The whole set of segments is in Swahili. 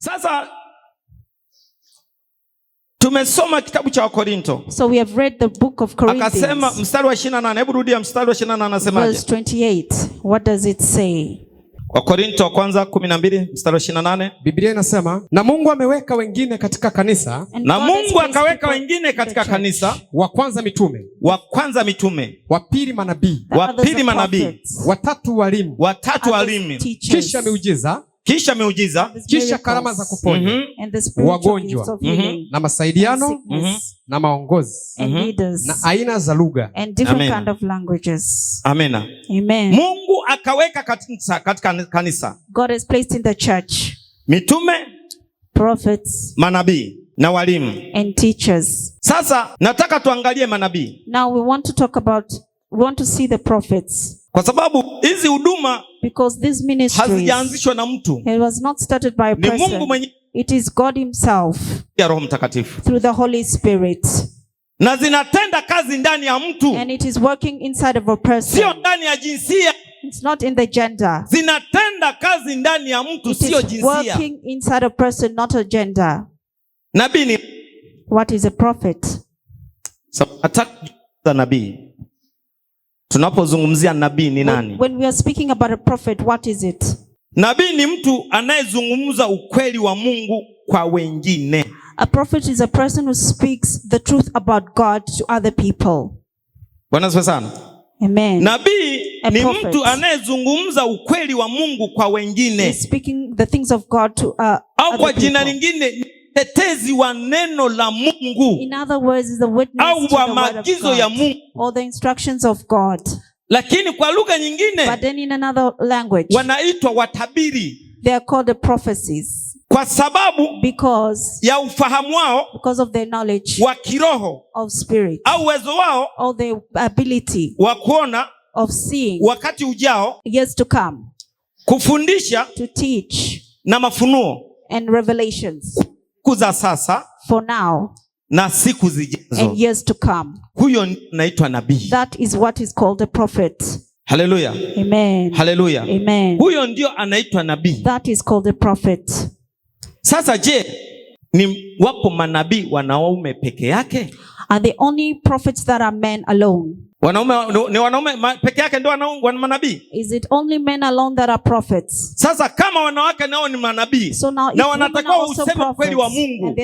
Sasa tumesoma kitabu cha Wakorinto. So we have read the book of Corinthians. Akasema mstari wa 28, hebu rudia mstari wa 28 anasemaje? Verse 28. What does it say? Wakorinto wa kwanza 12 mstari wa 28. Biblia inasema, na Mungu ameweka wengine katika kanisa, na Mungu akaweka wengine katika kanisa, wa kwanza mitume, wa kwanza mitume, wa pili manabii, wa pili manabii, watatu walimu, watatu walimu, kisha miujiza kisha miujiza, kisha karama za kuponya mm -hmm. wagonjwa mm -hmm. na masaidiano mm -hmm. na maongozi mm -hmm. na aina za lugha. Amina. Mungu akaweka katika, katika kanisa God has placed in the church. mitume, prophets, manabii na walimu and teachers. Sasa nataka tuangalie manabii. Now we want to talk about we want to see the prophets kwa sababu hizi huduma hazijaanzishwa na mtu, ni Mungu mwenyewe ya Roho Mtakatifu na zinatenda kazi ndani ya mtu, sio ndani ya jinsia. It's not in the gender. Zinatenda kazi ndani ya mtu, sio jinsia. Working inside a person, not a gender. Nabii ni what is a prophet? So, nabii Tunapozungumzia nabii ni nani? When we are speaking about a prophet, what is it? Nabii ni mtu anayezungumza ukweli wa Mungu kwa wengine. A prophet is a person who speaks the truth about God to other people. Bwana asifiwe sana. Amen. Nabii ni mtu anayezungumza ukweli wa Mungu kwa wengine. He's speaking the things of God to, uh, au kwa jina lingine mtetezi wa neno la Mungu au wa maagizo ya Mungu lakini kwa lugha nyingine wanaitwa watabiri They are called the prophecies. Kwa sababu because, ya ufahamu wao because of their knowledge wa kiroho of spirit, au uwezo wao or ability wa kuona of seeing, wakati ujao years to come, kufundisha to teach, na mafunuo and revelations siku za sasa for now, na siku zijazo and years to come. Huyo naitwa nabii. That is what is called a prophet. Haleluya. Amen. Haleluya. Amen. Huyo ndio anaitwa nabii. That is called a prophet. Sasa je, ni wapo manabii wanaume peke yake? Are the only prophets that are men alone? Wanaume ni wanaume peke yake ndio wana manabii? Is it only men alone that are prophets? Sasa kama wanawake nao ni manabii so na wanatakiwa useme kweli wa Mungu,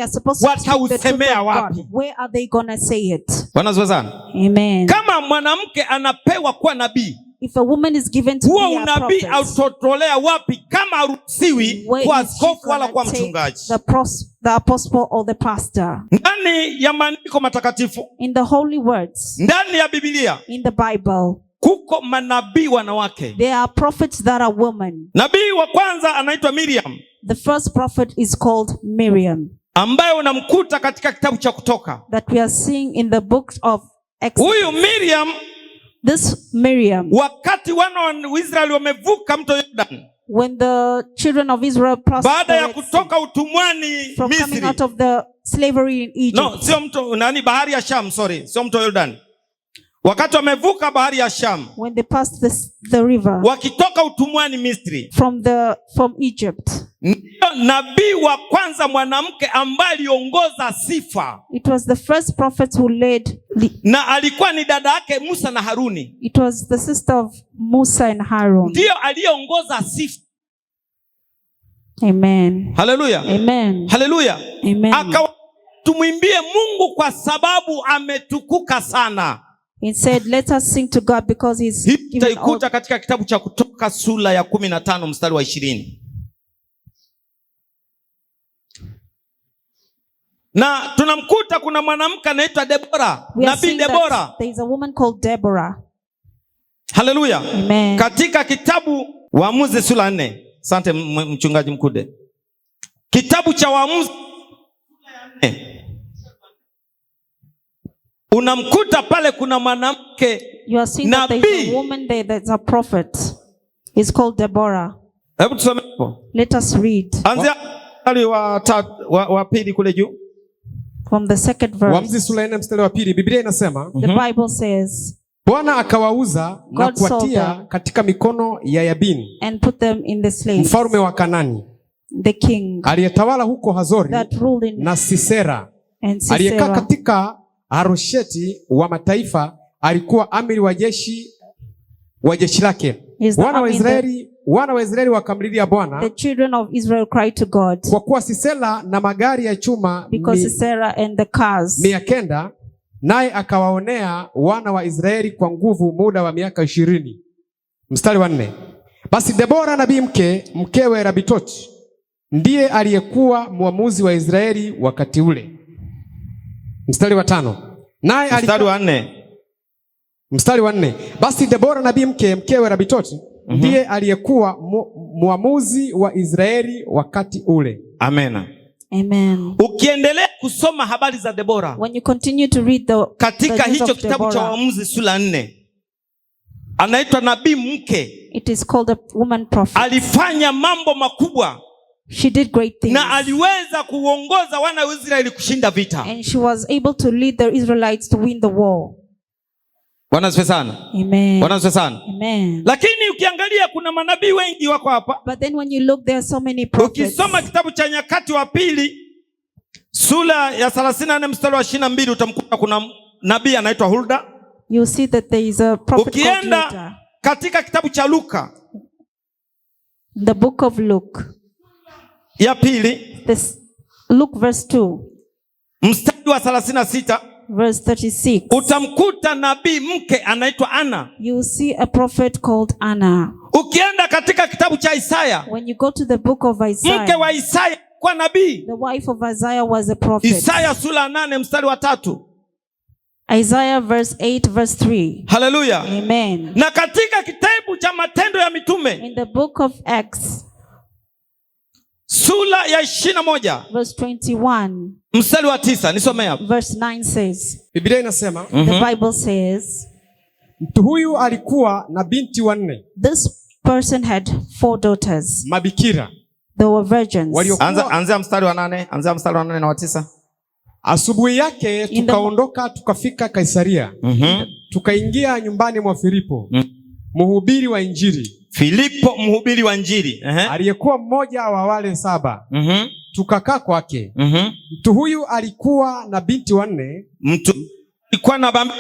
watausemea wapi? Where are they gonna say it? Wanazozana. Amen. Kama mwanamke anapewa kuwa nabii if a woman is given to huo unabii autotolea wapi kama haruhusiwi kwa askofu wala kwa mchungaji the the apostle or the pastor ndani ya maandiko matakatifu in the holy words ndani ya biblia in the bible kuko manabii wanawake there are prophets that are women nabii wa kwanza anaitwa miriam the first prophet is called miriam ambayo unamkuta katika kitabu cha kutoka that we are seeing in the book of huyu miriam This Miriam. Wakati wana wa Israeli wamevuka mto Jordan. When the children of Israel crossed Baada ya kutoka utumwani from Misri. Coming out of the slavery in Egypt. No, sio mto nani bahari ya Sham, sorry. Sio mto Jordan. Wakati wamevuka bahari ya sham when they passed the river, wakitoka utumwani Misri, from the, from Egypt, ndiyo nabii wa kwanza mwanamke ambaye aliongoza sifa. It was the first prophet who led the, na alikuwa ni dada yake Musa na Haruni. It was the sister of Musa and Harun, ndiyo aliyeongoza sifa. Amen. Haleluya. Amen. Haleluya. Amen. tumwimbie Mungu kwa sababu ametukuka sana. Hii taikuta katika kitabu cha Kutoka sura ya kumi na tano mstari wa ishirini. Na tunamkuta kuna mwanamke anaitwa Debora, nabii Debora. Haleluya. Katika kitabu Waamuzi sura nne. sante mchungaji Mkude. Kitabu cha Waamuzi Unamkuta pale kuna mwanamke nabii. wa pili kule juu. From the second verse. mstari wa pili. Biblia inasema, mhm. Bwana akawauza na kuwatia katika mikono ya yabin mfalume wa Kanani. Aliyetawala huko Hazori. na Sisera. Aliyekaa katika arosheti wa mataifa alikuwa amiri wa jeshi wa jeshi lake. Wana wa Israeli wana wa Israeli wakamlilia Bwana, the children of Israel cried to God, kwa kuwa Sisera na magari ya chuma because Sisera and the cars mia kenda, naye akawaonea wana wa Israeli kwa nguvu muda wa miaka ishirini. Mstari wa nne, basi Debora nabii mke mkewe Rabitoti ndiye aliyekuwa mwamuzi wa Israeli wakati ule. Mstari wa tano. Naye mstari wa nne. Mstari wa nne. Basi Debora nabii mke mkewe Rabitoti mhm. ndiye mm -hmm. aliyekuwa mwamuzi muamuzi wa Israeli wakati ule. Amena. Amen. Ukiendelea kusoma habari za Debora katika the hicho kitabu cha Waamuzi sura nne anaitwa nabii mke. Alifanya mambo makubwa She did great things. Na aliweza kuongoza wana wa Israeli kushinda vita. And she was able to lead the Israelites to win the war. Bwana asifiwe sana. Amen. Bwana asifiwe sana. Amen. Lakini ukiangalia kuna manabii wengi wako hapa. But then when you look there are so many prophets. Ukisoma kitabu cha Nyakati wa pili sura ya 34 mstari wa 22 utamkuta kuna nabii anaitwa Hulda. You see that there is a prophet Ukienda katika kitabu cha Luka. The book of Luke ya pili This, verse 2. Mstari wa 36. Verse 36. Utamkuta nabii mke anaitwa Ana. You see a prophet called Anna. Ukienda katika kitabu cha Isaya. When you go to the book of Isaiah. Mke wa Isaya kwa nabii. The wife of Isaiah was a prophet. Isaya sura nane mstari wa tatu. Isaiah verse 8 verse 3. Hallelujah. Amen. Na katika kitabu cha Matendo ya Mitume. In the book of Acts sura ya ishirina moja mstari wa tisa nisomea hapa. Biblia inasema mhm. mtu huyu alikuwa na binti wanne mabikira Anzia mstari wa nane anzia mstari wa nane na wa tisa. Asubuhi yake tukaondoka tukafika Kaisaria, mm -hmm. tukaingia nyumbani mwa Filipo, mm -hmm mhubiri wa Injili Filipo, mhubiri wa njiri uh -huh. aliyekuwa mmoja wa wale saba uh mhm. -huh. tukakaa kwake uh mhm. -huh. mtu huyu alikuwa na binti wanne, mtu alikuwa na bambi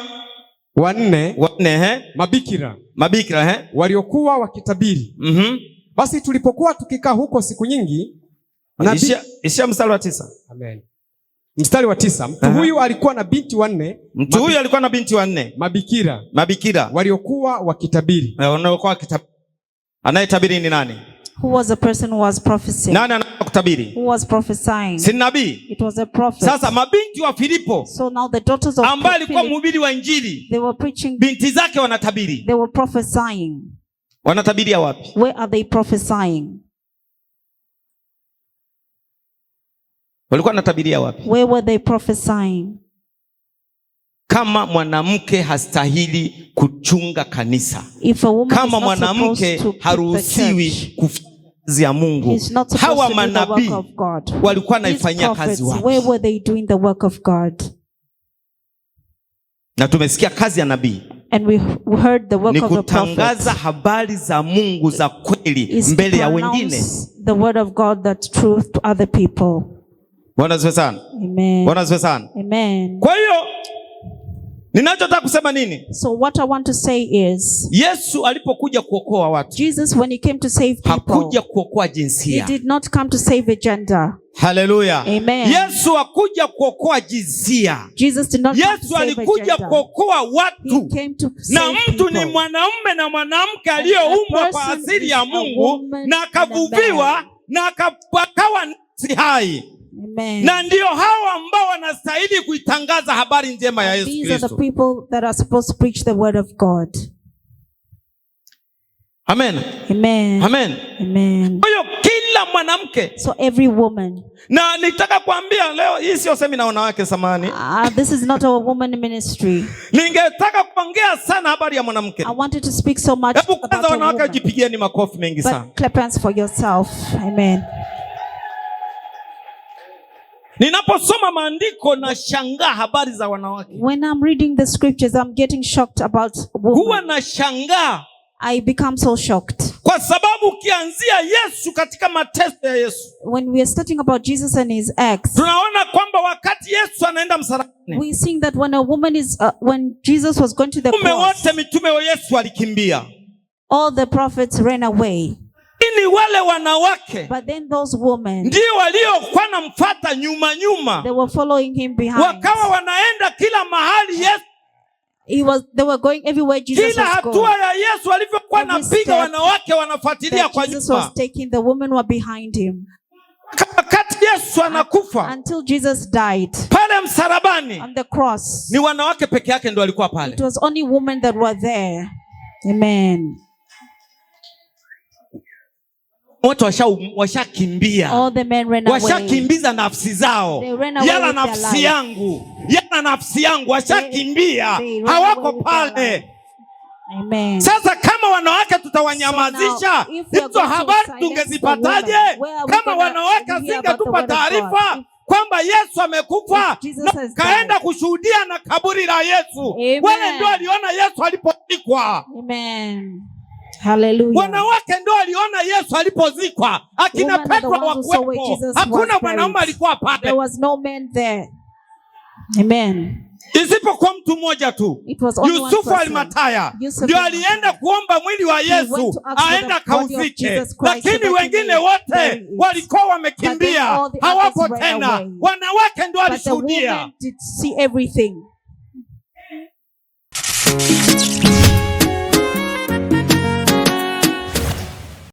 wanne wanne, mabikira mabikira he? waliokuwa wakitabiri uh Basi tulipokuwa tukikaa huko siku nyingi, isha mstari wa tisa. Amen. Mstari wa tisa. Mtu huyu alikuwa na binti wanne. Mtu huyu alikuwa na binti wanne mabikira, mabikira waliokuwa wakitabiri. Eh, Wanaokuwa wakitabiri. Anayetabiri ni nani? Who was the person who was prophesying? Nani anakutabiri? Who was prophesying? Si nabii. It was a prophet. Sasa mabinti wa Filipo. So now the daughters of Philip. ambao alikuwa mhubiri wa injili. They were preaching. Binti zake wanatabiri. They were prophesying. Wanatabiria wapi? Where are they prophesying? Walikuwa natabiria wapi? Where were they prophesying? Kama mwanamke hastahili kuchunga kanisa, kama mwanamke haruhusiwi kufanya ya Mungu, hawa manabii walikuwa naifanyia kazi wapi? Na tumesikia kazi ya nabii ni kutangaza habari za Mungu za kweli mbele ya wengine, the word of God that truth to other people Bwana asifiwe sana. Amen. Bwana asifiwe sana. Amen. Kwa hiyo ninachotaka kusema nini? So what I want to say is, Yesu alipokuja kuokoa watu, Jesus when he came to save people, hakuja kuokoa jinsia. He did not come to save a gender. Haleluya. Amen. Yesu hakuja kuokoa jinsia. Jesus did not come Yesu alikuja kuokoa watu. He came to save Na mtu ni mwanaume na mwanamke aliyoumbwa kwa asili ya Mungu na akavuviwa na akawa nafsi hai. Na ndio hao ambao wanastahili kuitangaza habari njema ya Yesu Amen. Amen. Amen. Amen. Kwa kila mwanamke. So every woman. Na nitaka kuambia leo hii sio semina ya wanawake samani. Uh, this is not woman ministry. Ningetaka kuongea sana habari ya mwanamke. I wanted to speak so much Hebu wanawake jipigieni makofi mengi sana. But clap hands for yourself. Amen. Ninaposoma maandiko na shangaa habari za wanawake. When I'm reading the scriptures, I'm getting shocked about Huwa na shangaa. I become so shocked. Kwa sababu ukianzia Yesu katika mateso ya Yesu. When we are about Jesus and his acts. Tunaona kwamba wakati Yesu anaenda msalabani. We seeing that when a woman is uh, when Jesus was going to the cross. Wote mitume wa Yesu walikimbia. All the prophets ran away lakini wale wanawake ndio waliokuwa namfata nyuma nyuma, wakawa wanaenda kila mahali Yesu He was, they were going everywhere Jesus kila was hatua ya Yesu alivyokuwa napiga wanawake wanafuatilia kwa nyuma. The women were behind him. Wakati Yesu anakufa until Jesus died, pale msalabani on the cross, ni wanawake peke yake ndio walikuwa pale. It was only women that were there. Amen wote washakimbia, washakimbiza nafsi zao, yala nafsi yangu, yala nafsi yangu, washakimbia, hawako pale. Amen. Sasa kama wanawake tutawanyamazisha, hizo habari tungezipataje? Kama wanawake zingetupa taarifa kwamba Yesu amekufa na kaenda kushuhudia na kaburi la Yesu, wale ndio aliona Yesu alipozikwa. Amen. Haleluya. Wanawake ndo aliona Yesu alipozikwa, akina Petro wakuwepo, hakuna mwanaume alikuwa pale isipokuwa mtu mmoja tu, Yusufu Alimataya ndio alienda kuomba mwili wa Yesu aenda kauzike, lakini wengine wote walikuwa wamekimbia, hawapo tena. Wanawake ndio alishuhudia.